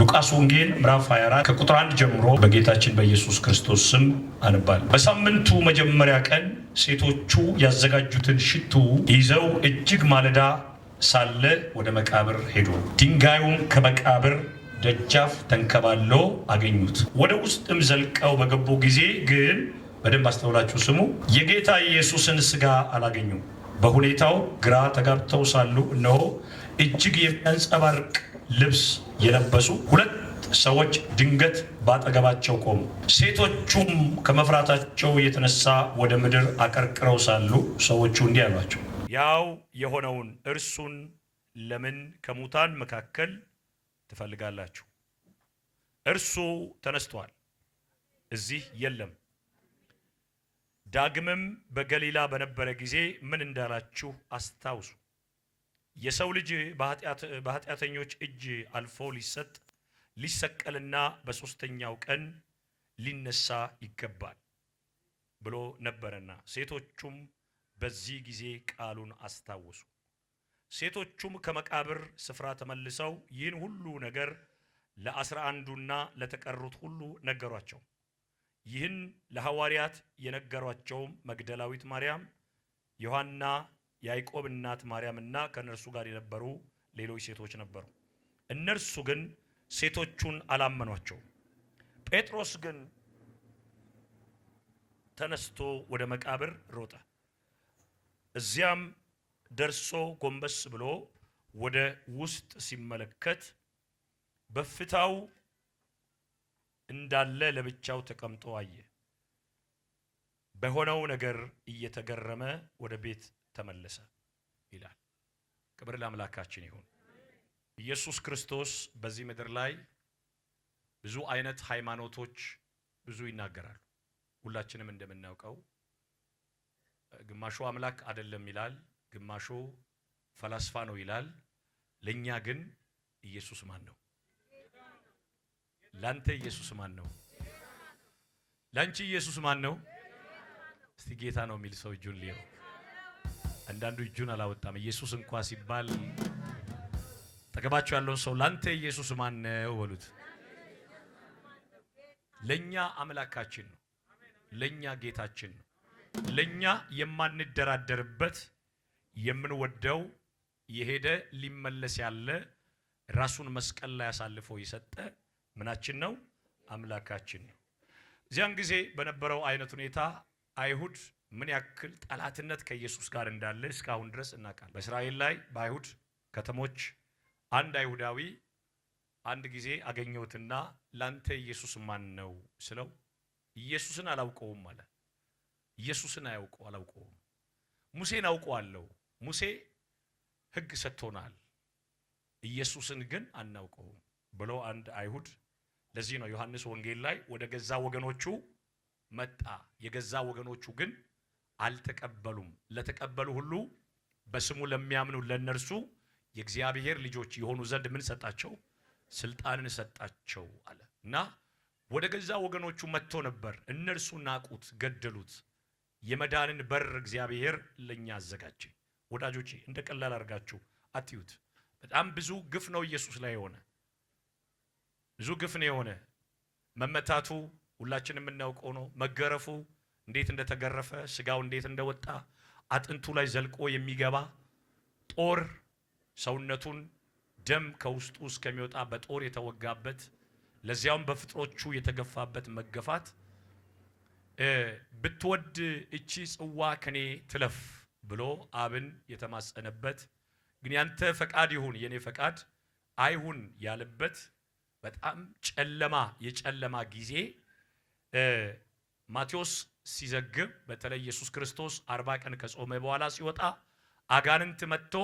ሉቃስ ወንጌል ምዕራፍ 24 ከቁጥር 1 ጀምሮ በጌታችን በኢየሱስ ክርስቶስ ስም አንባል። በሳምንቱ መጀመሪያ ቀን ሴቶቹ ያዘጋጁትን ሽቱ ይዘው እጅግ ማለዳ ሳለ ወደ መቃብር ሄዱ። ድንጋዩም ከመቃብር ደጃፍ ተንከባሎ አገኙት። ወደ ውስጥም ዘልቀው በገቡ ጊዜ ግን በደንብ አስተውላችሁ ስሙ፣ የጌታ ኢየሱስን ስጋ አላገኙም። በሁኔታው ግራ ተጋብተው ሳሉ እነሆ እጅግ የሚያንጸባርቅ ልብስ የለበሱ ሁለት ሰዎች ድንገት ባጠገባቸው ቆሙ። ሴቶቹም ከመፍራታቸው የተነሳ ወደ ምድር አቀርቅረው ሳሉ ሰዎቹ እንዲህ አሏቸው፣ ያው የሆነውን እርሱን ለምን ከሙታን መካከል ትፈልጋላችሁ? እርሱ ተነስቷል፣ እዚህ የለም። ዳግምም በገሊላ በነበረ ጊዜ ምን እንዳላችሁ አስታውሱ። የሰው ልጅ በኃጢአተኞች እጅ አልፎ ሊሰጥ ሊሰቀልና በሦስተኛው ቀን ሊነሳ ይገባል ብሎ ነበረና ሴቶቹም በዚህ ጊዜ ቃሉን አስታወሱ። ሴቶቹም ከመቃብር ስፍራ ተመልሰው ይህን ሁሉ ነገር ለአስራ አንዱና ለተቀሩት ሁሉ ነገሯቸው። ይህን ለሐዋርያት የነገሯቸውም መግደላዊት ማርያም፣ ዮሐና ያዕቆብ እናት ማርያምና ከእነርሱ ጋር የነበሩ ሌሎች ሴቶች ነበሩ። እነርሱ ግን ሴቶቹን አላመኗቸው። ጴጥሮስ ግን ተነስቶ ወደ መቃብር ሮጠ። እዚያም ደርሶ ጎንበስ ብሎ ወደ ውስጥ ሲመለከት በፍታው እንዳለ ለብቻው ተቀምጦ አየ። በሆነው ነገር እየተገረመ ወደ ቤት ተመለሰ ይላል። ክብር ለአምላካችን ይሁን። ኢየሱስ ክርስቶስ በዚህ ምድር ላይ ብዙ አይነት ሃይማኖቶች ብዙ ይናገራሉ። ሁላችንም እንደምናውቀው ግማሹ አምላክ አይደለም ይላል፣ ግማሹ ፈላስፋ ነው ይላል። ለእኛ ግን ኢየሱስ ማን ነው? ላንተ ኢየሱስ ማን ነው? ላንቺ ኢየሱስ ማን ነው? እስቲ ጌታ ነው የሚል ሰው እጁን ሊየው አንዳንዱ እጁን አላወጣም። ኢየሱስ እንኳ ሲባል ጠገባቸው ያለውን ሰው ላንተ ኢየሱስ ማን ነው በሉት። ለኛ አምላካችን ነው፣ ለኛ ጌታችን ነው፣ ለኛ የማንደራደርበት የምንወደው የሄደ ሊመለስ ያለ ራሱን መስቀል ላይ አሳልፎ የሰጠ ምናችን ነው? አምላካችን ነው። እዚያን ጊዜ በነበረው አይነት ሁኔታ አይሁድ ምን ያክል ጠላትነት ከኢየሱስ ጋር እንዳለ እስካሁን ድረስ እናውቃለን። በእስራኤል ላይ በአይሁድ ከተሞች አንድ አይሁዳዊ አንድ ጊዜ አገኘሁትና ላንተ ኢየሱስ ማን ነው ስለው ኢየሱስን አላውቀውም አለ። ኢየሱስን አያውቀው አላውቀውም። ሙሴን አውቀዋለሁ፣ ሙሴ ሕግ ሰጥቶናል፣ ኢየሱስን ግን አናውቀውም ብሎ አንድ አይሁድ። ለዚህ ነው ዮሐንስ ወንጌል ላይ ወደ ገዛ ወገኖቹ መጣ፣ የገዛ ወገኖቹ ግን አልተቀበሉም። ለተቀበሉ ሁሉ በስሙ ለሚያምኑ ለእነርሱ የእግዚአብሔር ልጆች የሆኑ ዘንድ ምን ሰጣቸው? ስልጣንን ሰጣቸው አለ እና ወደ ገዛ ወገኖቹ መጥቶ ነበር። እነርሱ ናቁት፣ ገደሉት። የመዳንን በር እግዚአብሔር ለእኛ አዘጋጀ። ወዳጆቼ እንደ ቀላል አድርጋችሁ አትዩት። በጣም ብዙ ግፍ ነው ኢየሱስ ላይ የሆነ ብዙ ግፍ ነው የሆነ መመታቱ፣ ሁላችን የምናውቀው ነው። መገረፉ እንዴት እንደተገረፈ ስጋው እንዴት እንደወጣ አጥንቱ ላይ ዘልቆ የሚገባ ጦር ሰውነቱን ደም ከውስጡ እስከሚወጣ በጦር የተወጋበት ለዚያውም በፍጥሮቹ የተገፋበት መገፋት ብትወድ እቺ ጽዋ ከኔ ትለፍ ብሎ አብን የተማጸነበት ግን ያንተ ፈቃድ ይሁን የኔ ፈቃድ አይሁን ያለበት በጣም ጨለማ የጨለማ ጊዜ ማቴዎስ ሲዘግብ በተለይ ኢየሱስ ክርስቶስ አርባ ቀን ከጾመ በኋላ ሲወጣ አጋንንት መጥቶ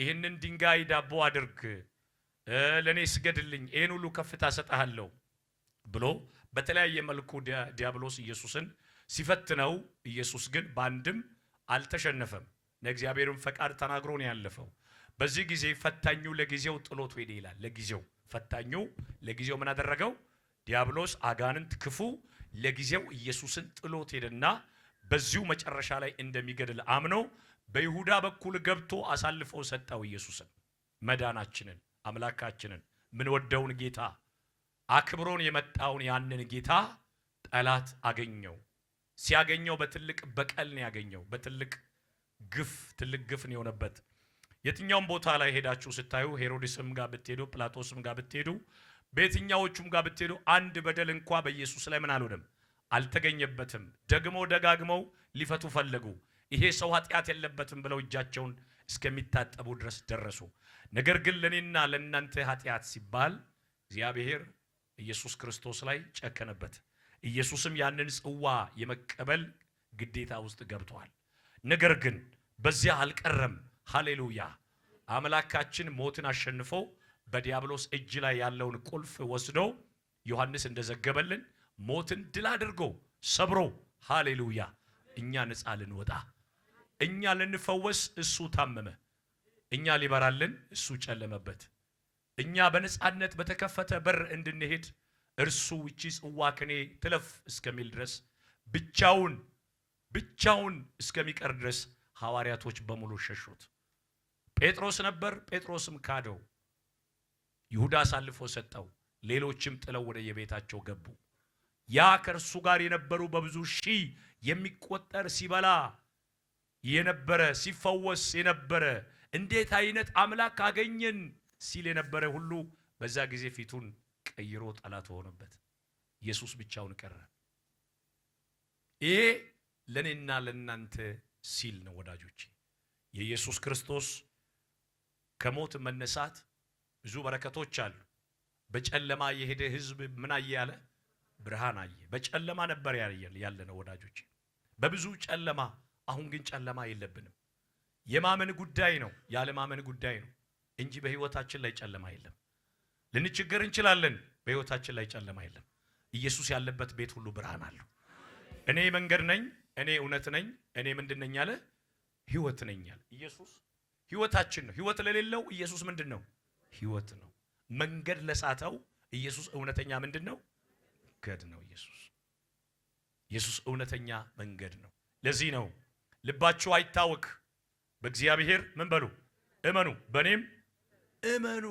ይህንን ድንጋይ ዳቦ አድርግ፣ ለእኔ ስገድልኝ፣ ይህን ሁሉ ከፍታ ሰጠሃለሁ ብሎ በተለያየ መልኩ ዲያብሎስ ኢየሱስን ሲፈትነው፣ ኢየሱስ ግን በአንድም አልተሸነፈም። ለእግዚአብሔርም ፈቃድ ተናግሮ ነው ያለፈው። በዚህ ጊዜ ፈታኙ ለጊዜው ጥሎት ሄደ ይላል። ለጊዜው ፈታኙ ለጊዜው ምን አደረገው? ዲያብሎስ አጋንንት ክፉ ለጊዜው ኢየሱስን ጥሎት ሄደና በዚሁ መጨረሻ ላይ እንደሚገድል አምኖ በይሁዳ በኩል ገብቶ አሳልፎ ሰጠው። ኢየሱስን መዳናችንን፣ አምላካችንን፣ ምንወደውን ጌታ አክብሮን የመጣውን ያንን ጌታ ጠላት አገኘው። ሲያገኘው በትልቅ በቀል ነው ያገኘው። በትልቅ ግፍ ትልቅ ግፍ ነው የሆነበት። የትኛውም ቦታ ላይ ሄዳችሁ ስታዩ ሄሮድስም ጋር ብትሄዱ፣ ጵላጦስም ጋር ብትሄዱ በየትኛዎቹም ጋር ብትሄዱ አንድ በደል እንኳ በኢየሱስ ላይ ምን አልሆነም አልተገኘበትም። ደግሞ ደጋግመው ሊፈቱ ፈለጉ። ይሄ ሰው ኃጢአት የለበትም ብለው እጃቸውን እስከሚታጠቡ ድረስ ደረሱ። ነገር ግን ለእኔና ለእናንተ ኃጢአት ሲባል እግዚአብሔር ኢየሱስ ክርስቶስ ላይ ጨከነበት። ኢየሱስም ያንን ጽዋ የመቀበል ግዴታ ውስጥ ገብቷል። ነገር ግን በዚያ አልቀረም። ሃሌሉያ! አምላካችን ሞትን አሸንፎ በዲያብሎስ እጅ ላይ ያለውን ቁልፍ ወስዶ ዮሐንስ እንደዘገበልን ሞትን ድል አድርጎ ሰብሮ፣ ሃሌሉያ እኛ ነፃ ልንወጣ እኛ ልንፈወስ እሱ ታመመ። እኛ ሊበራልን እሱ ጨለመበት። እኛ በነፃነት በተከፈተ በር እንድንሄድ እርሱ እቺ ጽዋ ከኔ ትለፍ እስከሚል ድረስ ብቻውን ብቻውን እስከሚቀር ድረስ ሐዋርያቶች በሙሉ ሸሹት። ጴጥሮስ ነበር፣ ጴጥሮስም ካደው። ይሁዳ አሳልፎ ሰጠው። ሌሎችም ጥለው ወደ የቤታቸው ገቡ። ያ ከእርሱ ጋር የነበሩ በብዙ ሺህ የሚቆጠር ሲበላ የነበረ ሲፈወስ የነበረ እንዴት አይነት አምላክ አገኘን ሲል የነበረ ሁሉ በዛ ጊዜ ፊቱን ቀይሮ ጠላት ሆነበት። ኢየሱስ ብቻውን ቀረ። ይሄ ለእኔና ለእናንተ ሲል ነው ወዳጆች የኢየሱስ ክርስቶስ ከሞት መነሳት ብዙ በረከቶች አሉ። በጨለማ የሄደ ህዝብ ምን አየ ያለ ብርሃን አየ። በጨለማ ነበር ያለ ነው ወዳጆች፣ በብዙ ጨለማ። አሁን ግን ጨለማ የለብንም። የማመን ጉዳይ ነው፣ ያለ ማመን ጉዳይ ነው እንጂ በህይወታችን ላይ ጨለማ የለም። ልንችግር እንችላለን፣ በህይወታችን ላይ ጨለማ የለም። ኢየሱስ ያለበት ቤት ሁሉ ብርሃን አለው። እኔ መንገድ ነኝ፣ እኔ እውነት ነኝ፣ እኔ ምንድን ነኝ አለ ህይወት ነኝ አለ። ኢየሱስ ህይወታችን ነው። ህይወት ለሌለው ኢየሱስ ምንድን ነው? ህይወት ነው። መንገድ ለሳተው ኢየሱስ እውነተኛ ምንድን ነው? መንገድ ነው። ኢየሱስ ኢየሱስ እውነተኛ መንገድ ነው። ለዚህ ነው ልባችሁ አይታወክ፣ በእግዚአብሔር ምን በሉ እመኑ፣ በእኔም እመኑ።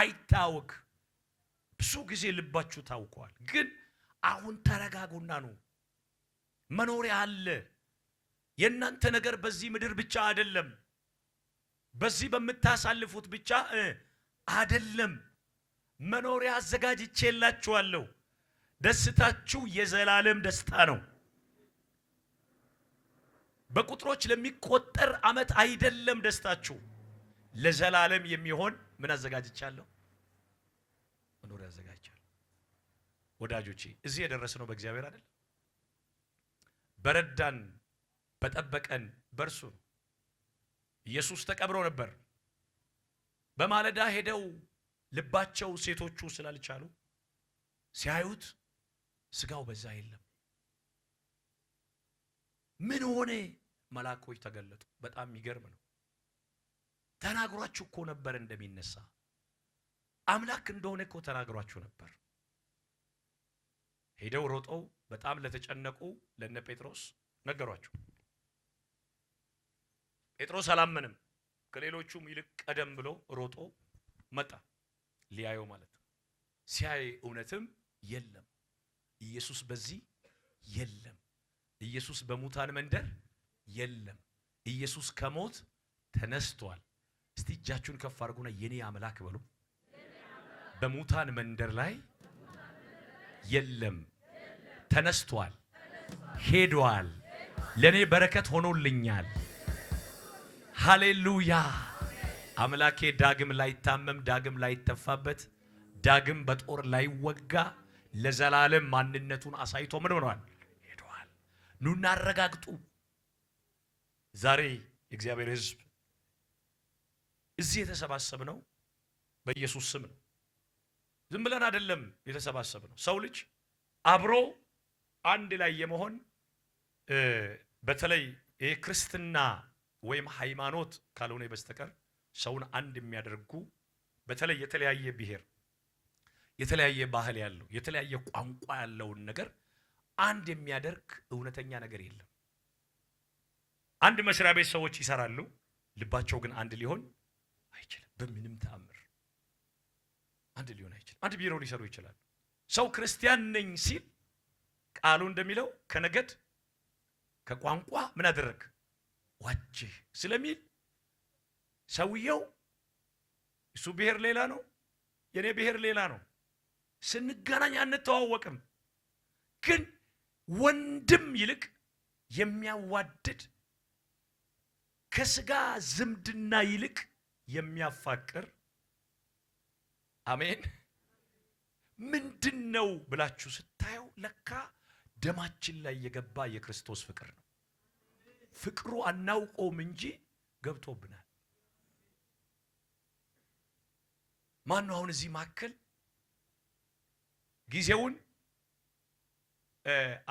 አይታወክ። ብዙ ጊዜ ልባችሁ ታውቋል፣ ግን አሁን ተረጋጉና ነው መኖሪያ አለ። የእናንተ ነገር በዚህ ምድር ብቻ አይደለም። በዚህ በምታሳልፉት ብቻ አደለም መኖሪያ አዘጋጅቼላችኋለሁ። ደስታችሁ የዘላለም ደስታ ነው። በቁጥሮች ለሚቆጠር ዓመት አይደለም ደስታችሁ፣ ለዘላለም የሚሆን ምን አዘጋጅቻለሁ፣ መኖሪያ አዘጋጅቻለሁ። ወዳጆቼ እዚህ የደረስነው በእግዚአብሔር አይደለም፣ በረዳን በጠበቀን በእርሱ ነው። ኢየሱስ ተቀብሮ ነበር። በማለዳ ሄደው ልባቸው ሴቶቹ ስላልቻሉ ሲያዩት ስጋው በዛ የለም። ምን ሆነ? መላኮች ተገለጡ። በጣም የሚገርም ነው። ተናግሯችሁ እኮ ነበር እንደሚነሳ አምላክ እንደሆነ እኮ ተናግሯችሁ ነበር። ሄደው ሮጠው በጣም ለተጨነቁ ለነ ጴጥሮስ ነገሯቸው። ጴጥሮስ አላመንም። ከሌሎቹም ይልቅ ቀደም ብሎ ሮጦ መጣ ሊያየው ማለት ነው። ሲያይ እውነትም የለም ኢየሱስ በዚህ የለም ኢየሱስ በሙታን መንደር የለም ኢየሱስ ከሞት ተነስቷል። እስቲ እጃችሁን ከፍ አድርጉና የኔ አምላክ በሉ። በሙታን መንደር ላይ የለም ተነስቷል፣ ሄዷል፣ ለእኔ በረከት ሆኖልኛል። ሃሌሉያ። አምላኬ ዳግም ላይታመም፣ ዳግም ላይተፋበት፣ ዳግም በጦር ላይወጋ ለዘላለም ማንነቱን አሳይቶ ምን ሆኗል? ሄደዋል። ኑ እናረጋግጡ። ዛሬ የእግዚአብሔር ሕዝብ እዚህ የተሰባሰብ ነው በኢየሱስ ስም ነው። ዝም ብለን አይደለም ነው። ሰው ልጅ አብሮ አንድ ላይ የመሆን በተለይ ይህ ክርስትና ወይም ሃይማኖት ካልሆነ በስተቀር ሰውን አንድ የሚያደርጉ በተለይ የተለያየ ብሔር፣ የተለያየ ባህል ያለው የተለያየ ቋንቋ ያለውን ነገር አንድ የሚያደርግ እውነተኛ ነገር የለም። አንድ መስሪያ ቤት ሰዎች ይሰራሉ፣ ልባቸው ግን አንድ ሊሆን አይችልም። በምንም ተአምር አንድ ሊሆን አይችልም። አንድ ቢሮ ሊሰሩ ይችላሉ። ሰው ክርስቲያን ነኝ ሲል ቃሉ እንደሚለው ከነገድ ከቋንቋ ምን አደረግ ዋጅ ስለሚል ሰውየው እሱ ብሔር ሌላ ነው፣ የእኔ ብሔር ሌላ ነው። ስንገናኝ አንተዋወቅም፣ ግን ወንድም ይልቅ የሚያዋድድ ከስጋ ዝምድና ይልቅ የሚያፋቅር አሜን። ምንድን ነው ብላችሁ ስታየው ለካ ደማችን ላይ የገባ የክርስቶስ ፍቅር ነው። ፍቅሩ አናውቀውም እንጂ ገብቶብናል። ማን ነው አሁን እዚህ መካከል ጊዜውን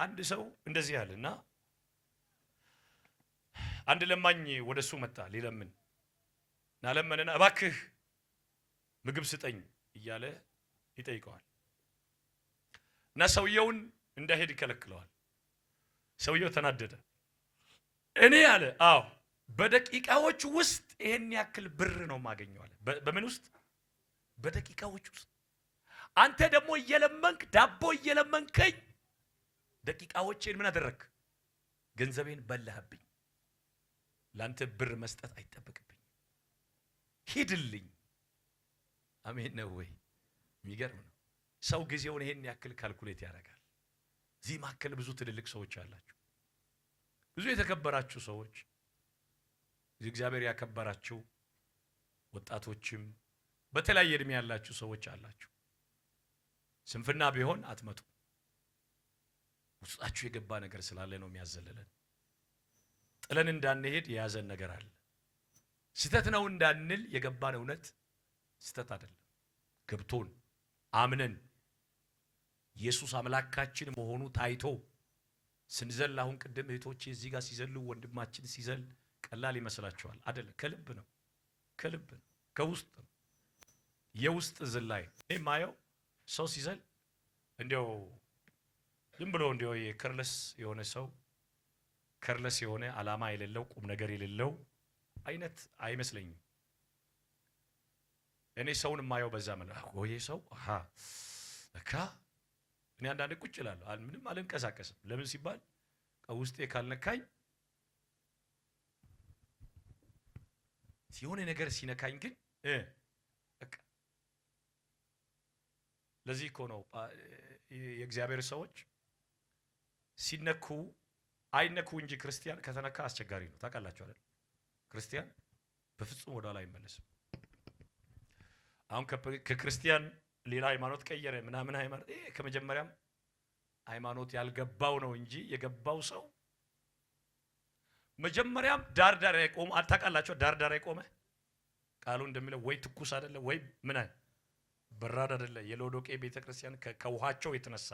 አንድ ሰው እንደዚህ ያለና አንድ ለማኝ ወደ እሱ መጣ ሊለምን እና ለመነና እባክህ ምግብ ስጠኝ እያለ ይጠይቀዋል እና ሰውየውን እንዳይሄድ ይከለክለዋል። ሰውየው ተናደደ። እኔ አለ አዎ በደቂቃዎች ውስጥ ይሄን ያክል ብር ነው አለ። በምን ውስጥ? በደቂቃዎች ውስጥ። አንተ ደግሞ እየለመንክ ዳቦ እየለመንከኝ ደቂቃዎቼን ምን አደረግ ገንዘቤን በላህብኝ። ለአንተ ብር መስጠት አይጠበቅብኝ። ሂድልኝ። አሜን ነው ወይ? የሚገርም ነው። ሰው ጊዜውን ይሄን ያክል ካልኩሌት ያደርጋል። እዚህ መካከል ብዙ ትልልቅ ሰዎች አላችሁ። ብዙ የተከበራችሁ ሰዎች እግዚአብሔር ያከበራችሁ ወጣቶችም በተለያየ እድሜ ያላችሁ ሰዎች አላችሁ። ስንፍና ቢሆን አትመጡ። ውስጣችሁ የገባ ነገር ስላለ ነው የሚያዘልለን። ጥለን እንዳንሄድ የያዘን ነገር አለ። ስህተት ነው እንዳንል የገባን እውነት ስህተት አይደለም። ገብቶን አምነን ኢየሱስ አምላካችን መሆኑ ታይቶ ስንዘል አሁን ቅድም እህቶች እዚህ ጋር ሲዘሉ ወንድማችን ሲዘል ቀላል ይመስላችኋል? አይደለም። ከልብ ነው፣ ከልብ ነው፣ ከውስጥ ነው። የውስጥ ዝላይ እኔ ማየው ሰው ሲዘል እንዲያው ዝም ብሎ እንዲያው የከርለስ የሆነ ሰው ከርለስ የሆነ አላማ የሌለው ቁም ነገር የሌለው አይነት አይመስለኝም። እኔ ሰውን የማየው በዛ መልኩ ይሄ ሰው ለካ እኔ አንዳንድ ቁጭ እላለሁ፣ ምንም አልንቀሳቀስም። ለምን ሲባል ውስጤ ካልነካኝ የሆነ ነገር ሲነካኝ ግን ለዚህ እኮ ነው የእግዚአብሔር ሰዎች ሲነኩ አይነኩ እንጂ ክርስቲያን ከተነካ አስቸጋሪ ነው። ታውቃላችሁ አይደል? ክርስቲያን በፍጹም ወደኋላ አይመለስም። አሁን ከክርስቲያን ሌላ ሃይማኖት ቀየረ ምናምን ሃይማኖት ከመጀመሪያም ሃይማኖት ያልገባው ነው እንጂ የገባው ሰው መጀመሪያም ዳር ዳር የቆመ አልታውቃላቸው ዳር ዳር የቆመ ቃሉ እንደሚለው ወይ ትኩስ አደለ ወይ ምን በራድ አደለ የሎዶቄ ቤተክርስቲያን ከውሃቸው የተነሳ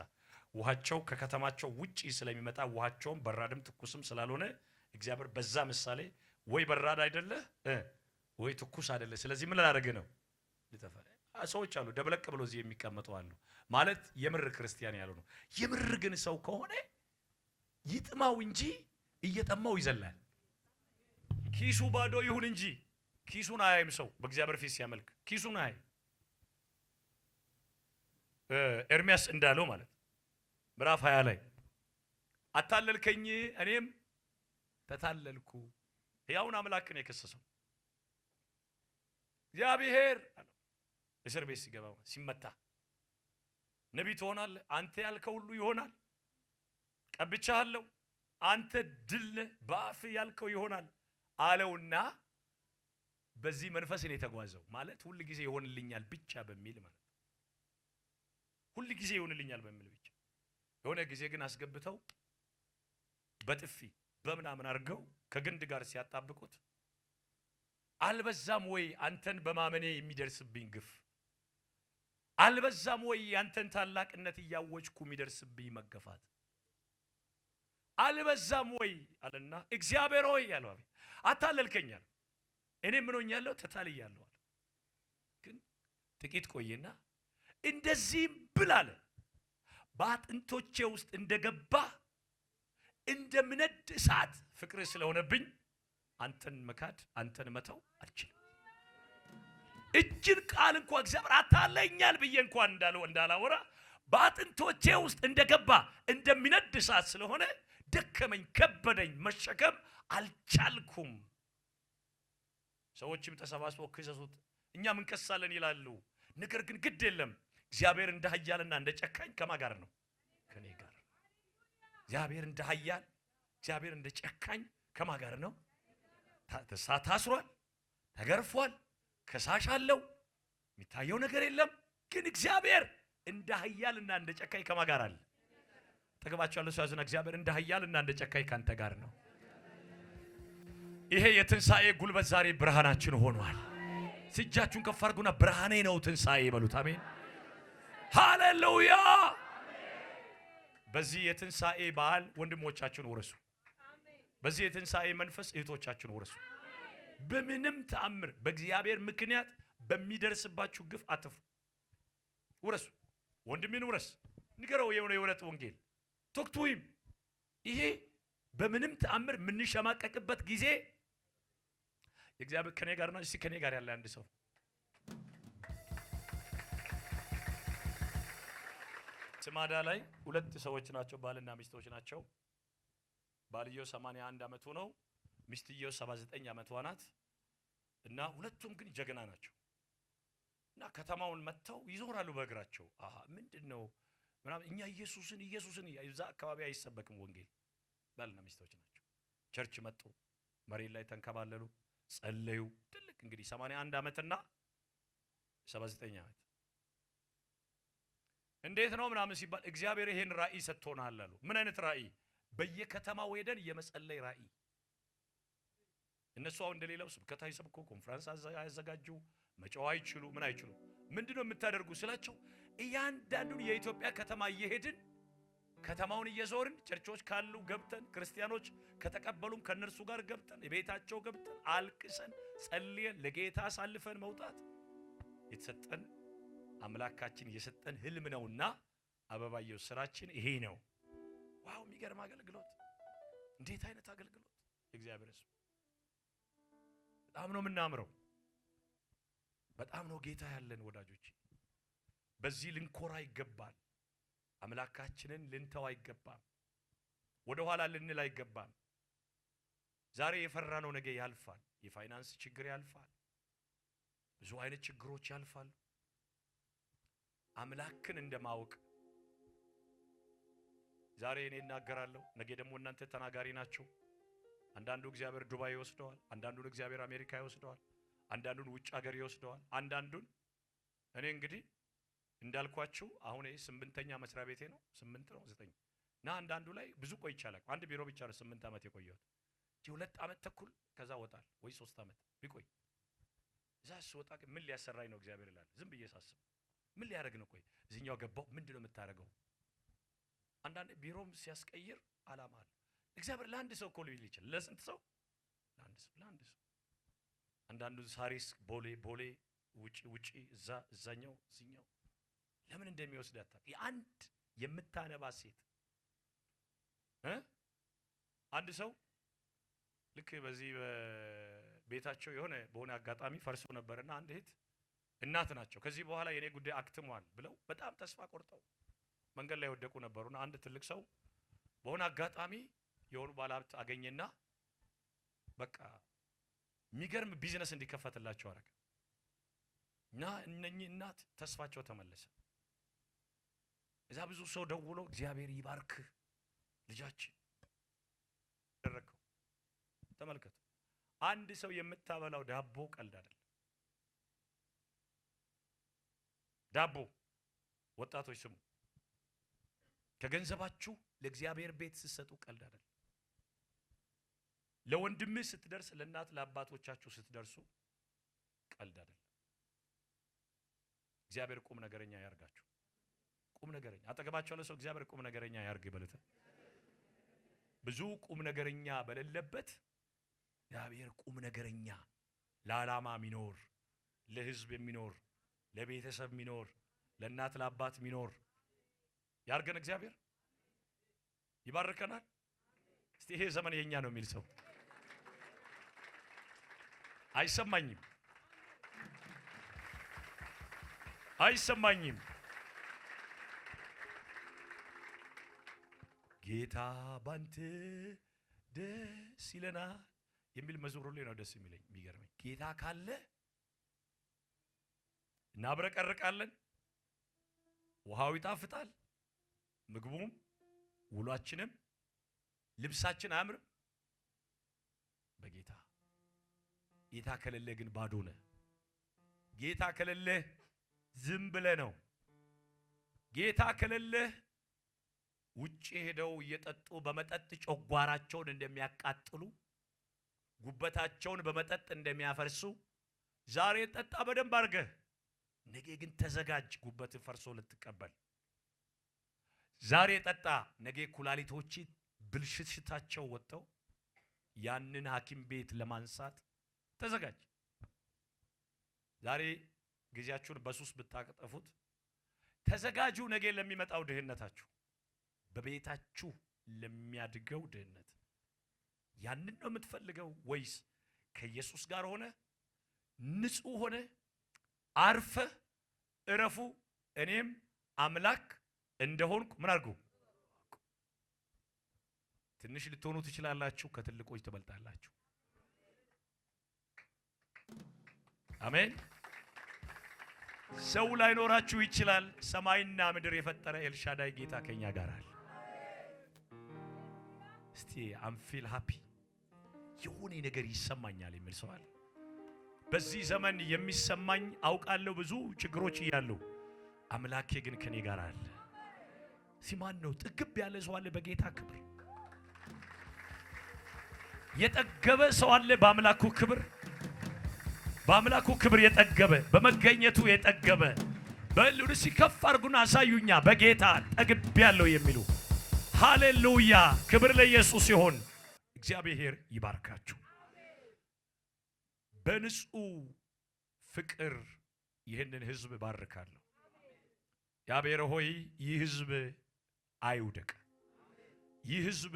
ውሃቸው ከከተማቸው ውጪ ስለሚመጣ ውሃቸውም በራድም ትኩስም ስላልሆነ እግዚአብሔር በዛ ምሳሌ ወይ በራድ አይደለ ወይ ትኩስ አደለ ስለዚህ ምን ላደርግ ነው ልጠፋ ሰዎች አሉ፣ ደብለቅ ብሎ እዚህ የሚቀመጡ አሉ። ማለት የምር ክርስቲያን ያሉ ነው። የምር ግን ሰው ከሆነ ይጥማው እንጂ እየጠማው ይዘላል። ኪሱ ባዶ ይሁን እንጂ ኪሱን አያይም። ሰው በእግዚአብሔር ፊት ሲያመልክ ኪሱን አያይም። ኤርሚያስ እንዳለው ማለት ምዕራፍ ሀያ ላይ አታለልከኝ፣ እኔም ተታለልኩ። ያውን አምላክን የከሰሰው እግዚአብሔር እስር ቤት ሲገባ ሲመታ ነቢይ ትሆናለህ፣ አንተ ያልከው ሁሉ ይሆናል፣ ቀብቻለሁ፣ አንተ ድል ነህ፣ በአፍ ያልከው ይሆናል አለውና በዚህ መንፈስ እኔ የተጓዘው። ማለት ሁል ጊዜ ይሆንልኛል ብቻ በሚል ማለት ሁል ጊዜ ይሆንልኛል በሚል ብቻ የሆነ ጊዜ ግን አስገብተው በጥፊ በምናምን አድርገው ከግንድ ጋር ሲያጣብቁት አልበዛም ወይ አንተን በማመኔ የሚደርስብኝ ግፍ አልበዛም ወይ ያንተን ታላቅነት እያወጅኩ የሚደርስብኝ መገፋት አልበዛም ወይ አለና እግዚአብሔር ሆይ ያለው አቤት አታለልከኛል እኔ ምን ሆኛለሁ ተታልያለሁ ግን ጥቂት ቆይና እንደዚህ ብል አለ በአጥንቶቼ ውስጥ እንደገባ እንደምነድ እሳት ፍቅር ስለሆነብኝ አንተን መካድ አንተን መተው አልችልም እጅን ቃል እንኳ እግዚአብሔር አታለኛል ብዬ እንኳን እንዳለው እንዳላወራ በአጥንቶቼ ውስጥ እንደገባ እንደሚነድ እሳት ስለሆነ ደከመኝ፣ ከበደኝ፣ መሸከም አልቻልኩም። ሰዎችም ተሰባስበው ክሰሱት፣ እኛም እንከሳለን ይላሉ። ነገር ግን ግድ የለም እግዚአብሔር እንደ ኃያልና እንደ ጨካኝ ከማ ጋር ነው? ከኔ ጋር። እግዚአብሔር እንደ ኃያል እግዚአብሔር እንደ ጨካኝ ከማ ጋር ነው? ታስሯል፣ ተገርፏል ከሳሽ አለው፣ የሚታየው ነገር የለም። ግን እግዚአብሔር እንደ ኃያልና እንደ ጨካኝ ከማ ጋር አለ? አጠገባቸው ያለ ሰው እግዚአብሔር እንደ ኃያልና እንደ ጨካኝ ከአንተ ጋር ነው። ይሄ የትንሣኤ ጉልበት ዛሬ ብርሃናችን ሆኗል። ስጃችሁን ከፍ አድርጉና ብርሃኔ ነው ትንሣኤ በሉት። አሜን ሃሌሉያ። በዚህ የትንሣኤ በዓል ወንድሞቻችን ውረሱ። በዚህ የትንሣኤ መንፈስ እህቶቻችን ውረሱ። በምንም ተአምር በእግዚአብሔር ምክንያት በሚደርስባችሁ ግፍ አትፍሩ። ውረሱ፣ ወንድሜን ውረስ፣ ንገረው የሆነ የእውነት ወንጌል ቶክቱይም ይሄ በምንም ተአምር የምንሸማቀቅበት ጊዜ የእግዚአብሔር ከኔ ጋር ነው። እስቲ ከኔ ጋር ያለ አንድ ሰው ስማዳ ላይ ሁለት ሰዎች ናቸው፣ ባልና ሚስቶች ናቸው። ባልየው አንድ ዓመቱ ነው። ሚስትየው 79 ዓመቷ ናት እና ሁለቱም ግን ጀግና ናቸው እና ከተማውን መጥተው ይዞራሉ በእግራቸው። አሃ ምንድን ነው ምናምን እኛ ኢየሱስን ኢየሱስን እዛ አካባቢ አይሰበክም ወንጌል። ባልና ሚስቶች ናቸው። ቸርች መጡ፣ መሬት ላይ ተንከባለሉ፣ ጸለዩ። ትልቅ እንግዲህ 81 ዓመትና 79 ዓመት እንዴት ነው ምናምን ሲባል እግዚአብሔር ይሄን ራእይ ሰጥቶናል አሉ። ምን አይነት ራእይ? በየከተማው ሄደን የመጸለይ ራእይ እነሱ አሁን እንደሌላው ስብከት አይሰብኩ፣ ኮንፈረንስ አያዘጋጁ፣ መጫወት አይችሉ፣ ምን አይችሉ። ምንድነው የምታደርጉ ስላቸው፣ እያንዳንዱን የኢትዮጵያ ከተማ እየሄድን ከተማውን እየዞርን ቸርቾች ካሉ ገብተን ክርስቲያኖች ከተቀበሉም ከእነርሱ ጋር ገብተን የቤታቸው ገብተን አልቅሰን ጸልየን ለጌታ አሳልፈን መውጣት የተሰጠን አምላካችን የሰጠን ህልም ነውና አበባየው ስራችን ይሄ ነው። ዋው! የሚገርም አገልግሎት! እንዴት አይነት አገልግሎት! የእግዚአብሔር በጣም ነው የምናምረው። በጣም ነው ጌታ ያለን ወዳጆች። በዚህ ልንኮራ ይገባል። አምላካችንን ልንተው አይገባም። ወደ ኋላ ልንል አይገባም። ዛሬ የፈራነው ነገ ያልፋል። የፋይናንስ ችግር ያልፋል። ብዙ አይነት ችግሮች ያልፋሉ። አምላክን እንደማወቅ ዛሬ እኔ እናገራለሁ፣ ነገ ደግሞ እናንተ ተናጋሪ ናቸው። አንዳንዱ እግዚአብሔር ዱባይ ይወስደዋል። አንዳንዱን እግዚአብሔር አሜሪካ ይወስደዋል። አንዳንዱን ውጭ ሀገር ይወስደዋል። አንዳንዱን እኔ እንግዲህ እንዳልኳችሁ አሁን ስምንተኛ መስሪያ ቤቴ ነው። ስምንት ነው ዘጠኝ እና አንዳንዱ ላይ ብዙ ቆይቻለሁ። አንድ ቢሮ ብቻ ነው ስምንት ዓመት የቆየሁት። ሁለት ዓመት ተኩል ከዛ ወጣል ወይ ሶስት ዓመት ቢቆይ እዛ ስወጣ ምን ሊያሰራኝ ነው እግዚአብሔር ይላል። ዝም ብዬ ሳስብ ምን ሊያደርግ ነው? ቆይ እዚህኛው ገባው ምንድን ነው የምታደርገው? አንዳንድ ቢሮም ሲያስቀይር አላማ አለ። እግዚአብሔር ለአንድ ሰው እኮ ሊል ይችላል። ለስንት ሰው? ለአንድ ሰው፣ ለአንድ ሰው። አንዳንዱ ሳሪስ፣ ቦሌ፣ ቦሌ፣ ውጪ፣ ውጪ፣ እዛ፣ እዛኛው፣ እዚኛው ለምን እንደሚወስድ አታውቅም። የአንድ የምታነባ ሴት አንድ ሰው ልክ በዚህ ቤታቸው የሆነ በሆነ አጋጣሚ ፈርሶ ነበርና አንድ እህት እናት ናቸው። ከዚህ በኋላ የኔ ጉዳይ አክትሟል ብለው በጣም ተስፋ ቆርጠው መንገድ ላይ ወደቁ ነበሩና አንድ ትልቅ ሰው በሆነ አጋጣሚ የሆኑ ባለሀብት አገኘና በቃ የሚገርም ቢዝነስ እንዲከፈትላቸው አረገ እና እነኚህ እናት ተስፋቸው ተመለሰ። እዛ ብዙ ሰው ደውሎ እግዚአብሔር ይባርክህ ልጃችን ደረከው ተመልከቱ። አንድ ሰው የምታበላው ዳቦ ቀልድ አይደለም። ዳቦ ወጣቶች ስሙ፣ ከገንዘባችሁ ለእግዚአብሔር ቤት ስትሰጡ ቀልድ አይደለም። ለወንድምህ ስትደርስ፣ ለእናት ለአባቶቻችሁ ስትደርሱ ቀልድ አይደለም። እግዚአብሔር ቁም ነገረኛ ያርጋችሁ። ቁም ነገረኛ አጠገባቸው ያለ ሰው እግዚአብሔር ቁም ነገረኛ ያርግ ይበለተ። ብዙ ቁም ነገረኛ በሌለበት እግዚአብሔር ቁም ነገረኛ ለዓላማ ሚኖር ለህዝብ የሚኖር ለቤተሰብ ሚኖር ለእናት ለአባት ሚኖር ያርገን። እግዚአብሔር ይባርከናል። እስቲ ይሄ ዘመን የእኛ ነው የሚል ሰው አይሰማኝም አይሰማኝም። ጌታ ባንተ ደስ ይለናል የሚል መዝሙር ሁሌ ነው ደስ የሚለኝ። የሚገርመኝ ጌታ ካለ እናብረቀርቃለን፣ ውሃው ይጣፍጣል፣ ምግቡም ውሏችንም ልብሳችን አያምርም። ጌታ ከሌለ ግን ባዶ ነህ። ጌታ ከሌለ ዝም ብለህ ነው። ጌታ ከሌለ ውጭ ሄደው እየጠጡ በመጠጥ ጨጓራቸውን እንደሚያቃጥሉ ጉበታቸውን በመጠጥ እንደሚያፈርሱ ዛሬ ጠጣ በደንብ አድርገህ፣ ነገ ግን ተዘጋጅ፣ ጉበት ፈርሶ ልትቀበል። ዛሬ ጠጣ፣ ነገ ኩላሊቶች ብልሽትሽታቸው ወጥተው ያንን ሐኪም ቤት ለማንሳት ተዘጋጅ። ዛሬ ጊዜያችሁን በሱስ ብታጠፉት ተዘጋጁ። ነገ ለሚመጣው ድህነታችሁ፣ በቤታችሁ ለሚያድገው ድህነት ያንን ነው የምትፈልገው ወይስ ከኢየሱስ ጋር ሆነ ንጹህ ሆነ አርፈ እረፉ እኔም አምላክ እንደሆንኩ ምን አድርጉ። ትንሽ ልትሆኑ ትችላላችሁ፣ ከትልቆች ትበልጣላችሁ። አሜን። ሰው ላይኖራችሁ ይችላል። ሰማይና ምድር የፈጠረ ኤልሻዳይ ጌታ ከኛ ጋር አለ። እስቲ አምፊል ሃፒ የሆነ ነገር ይሰማኛል የሚል ሰው አለ። በዚህ ዘመን የሚሰማኝ አውቃለሁ ብዙ ችግሮች እያሉ አምላኬ ግን ከኔ ጋር አለ። ሲማን ነው ጥግብ ያለ ሰው አለ በጌታ ክብር። የጠገበ ሰው አለ በአምላኩ ክብር። በአምላኩ ክብር የጠገበ በመገኘቱ የጠገበ በሉ ሲከፍ አርጉና አሳዩኛ በጌታ ያለው የሚሉ ሃሌሉያ! ክብር ለኢየሱስ ይሁን። እግዚአብሔር ይባርካችሁ። በንጹህ ፍቅር ይህንን ህዝብ ባርካለሁ። ያቤረ ሆይ ይህ ህዝብ አይውደቅ። ይህ ህዝብ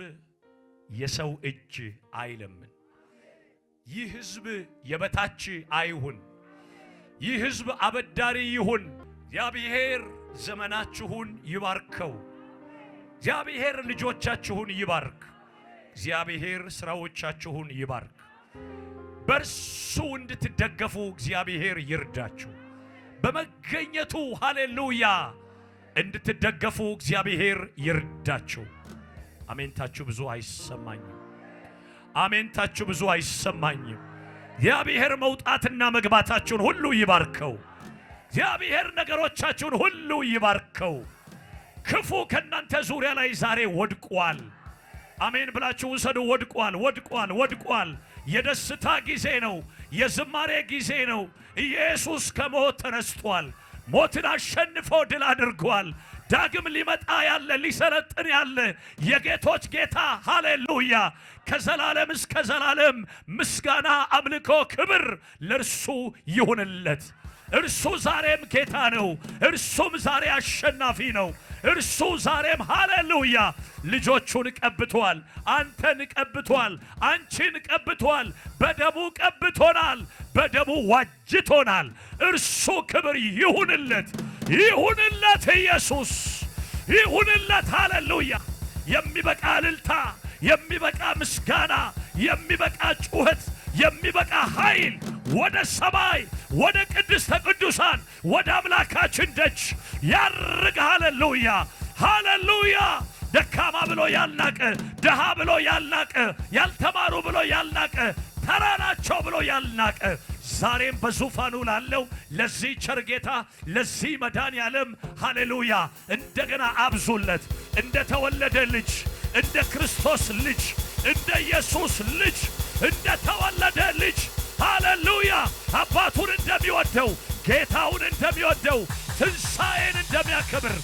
የሰው እጅ አይለምን። ይህ ህዝብ የበታች አይሁን። ይህ ህዝብ አበዳሪ ይሁን። እግዚአብሔር ዘመናችሁን ይባርከው። እግዚአብሔር ልጆቻችሁን ይባርክ። እግዚአብሔር ስራዎቻችሁን ይባርክ። በርሱ እንድትደገፉ እግዚአብሔር ይርዳችሁ። በመገኘቱ ሃሌሉያ እንድትደገፉ እግዚአብሔር ይርዳችሁ። አሜንታችሁ ብዙ አይሰማኝም። አሜንታችሁ ብዙ አይሰማኝም። እግዚአብሔር መውጣትና መግባታችሁን ሁሉ ይባርከው። እግዚአብሔር ነገሮቻችሁን ሁሉ ይባርከው። ክፉ ከእናንተ ዙሪያ ላይ ዛሬ ወድቋል። አሜን ብላችሁ ውሰዱ። ወድቋል፣ ወድቋል፣ ወድቋል። የደስታ ጊዜ ነው። የዝማሬ ጊዜ ነው። ኢየሱስ ከሞት ተነስቷል። ሞትን አሸንፎ ድል አድርጓል። ዳግም ሊመጣ ያለ ሊሰለጥን ያለ የጌቶች ጌታ ሃሌሉያ ከዘላለም እስከ ዘላለም ምስጋና፣ አምልኮ፣ ክብር ለእርሱ ይሁንለት። እርሱ ዛሬም ጌታ ነው። እርሱም ዛሬ አሸናፊ ነው። እርሱ ዛሬም ሃሌሉያ ልጆቹን ቀብቷል። አንተን ቀብቷል። አንቺን ቀብቷል። በደሙ ቀብቶናል። በደሙ ዋጅቶናል። እርሱ ክብር ይሁንለት፣ ይሁንለት፣ ኢየሱስ ይሁንለት። ሃሌሉያ የሚበቃ እልልታ የሚበቃ ምስጋና፣ የሚበቃ ጩኸት፣ የሚበቃ ኃይል ወደ ሰማይ ወደ ቅድስተ ቅዱሳን ወደ አምላካችን ደጅ ያርግ። ሃሌሉያ ሃሌሉያ። ደካማ ብሎ ያልናቀ፣ ደሃ ብሎ ያልናቀ፣ ያልተማሩ ብሎ ያልናቀ፣ ተራ ናቸው ብሎ ያልናቀ ዛሬም በዙፋኑ ላለው ለዚህ ቸር ጌታ ለዚህ መዳን ያለም ሃሌሉያ እንደገና አብዙለት እንደተወለደ ልጅ እንደ ክርስቶስ ልጅ እንደ ኢየሱስ ልጅ እንደ ተወለደ ልጅ ሃሌሉያ አባቱን እንደሚወደው ጌታውን እንደሚወደው ትንሣኤን እንደሚያከብር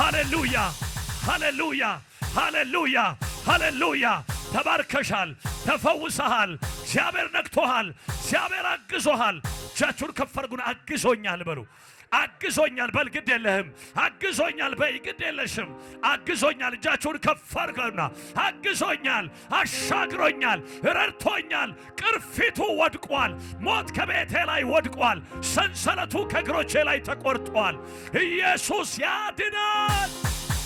ሃሌሉያ ሃሌሉያ ሃሌሉያ ሃሌሉያ ተባርከሻል፣ ተፈውሰሃል፣ እግዚአብሔር ነግቶሃል፣ እግዚአብሔር አግዞሃል። እጃችሁን ከፈርጉን አግዞኛል በሉ። አግዞኛል በል ግድ የለህም። አግዞኛል በይ ግድ የለሽም። አግዞኛል እጃችሁን ከፍ አድርገና አግዞኛል፣ አሻግሮኛል፣ ረድቶኛል። ቅርፊቱ ወድቋል። ሞት ከቤቴ ላይ ወድቋል። ሰንሰለቱ ከእግሮቼ ላይ ተቆርጧል። ኢየሱስ ያድናል።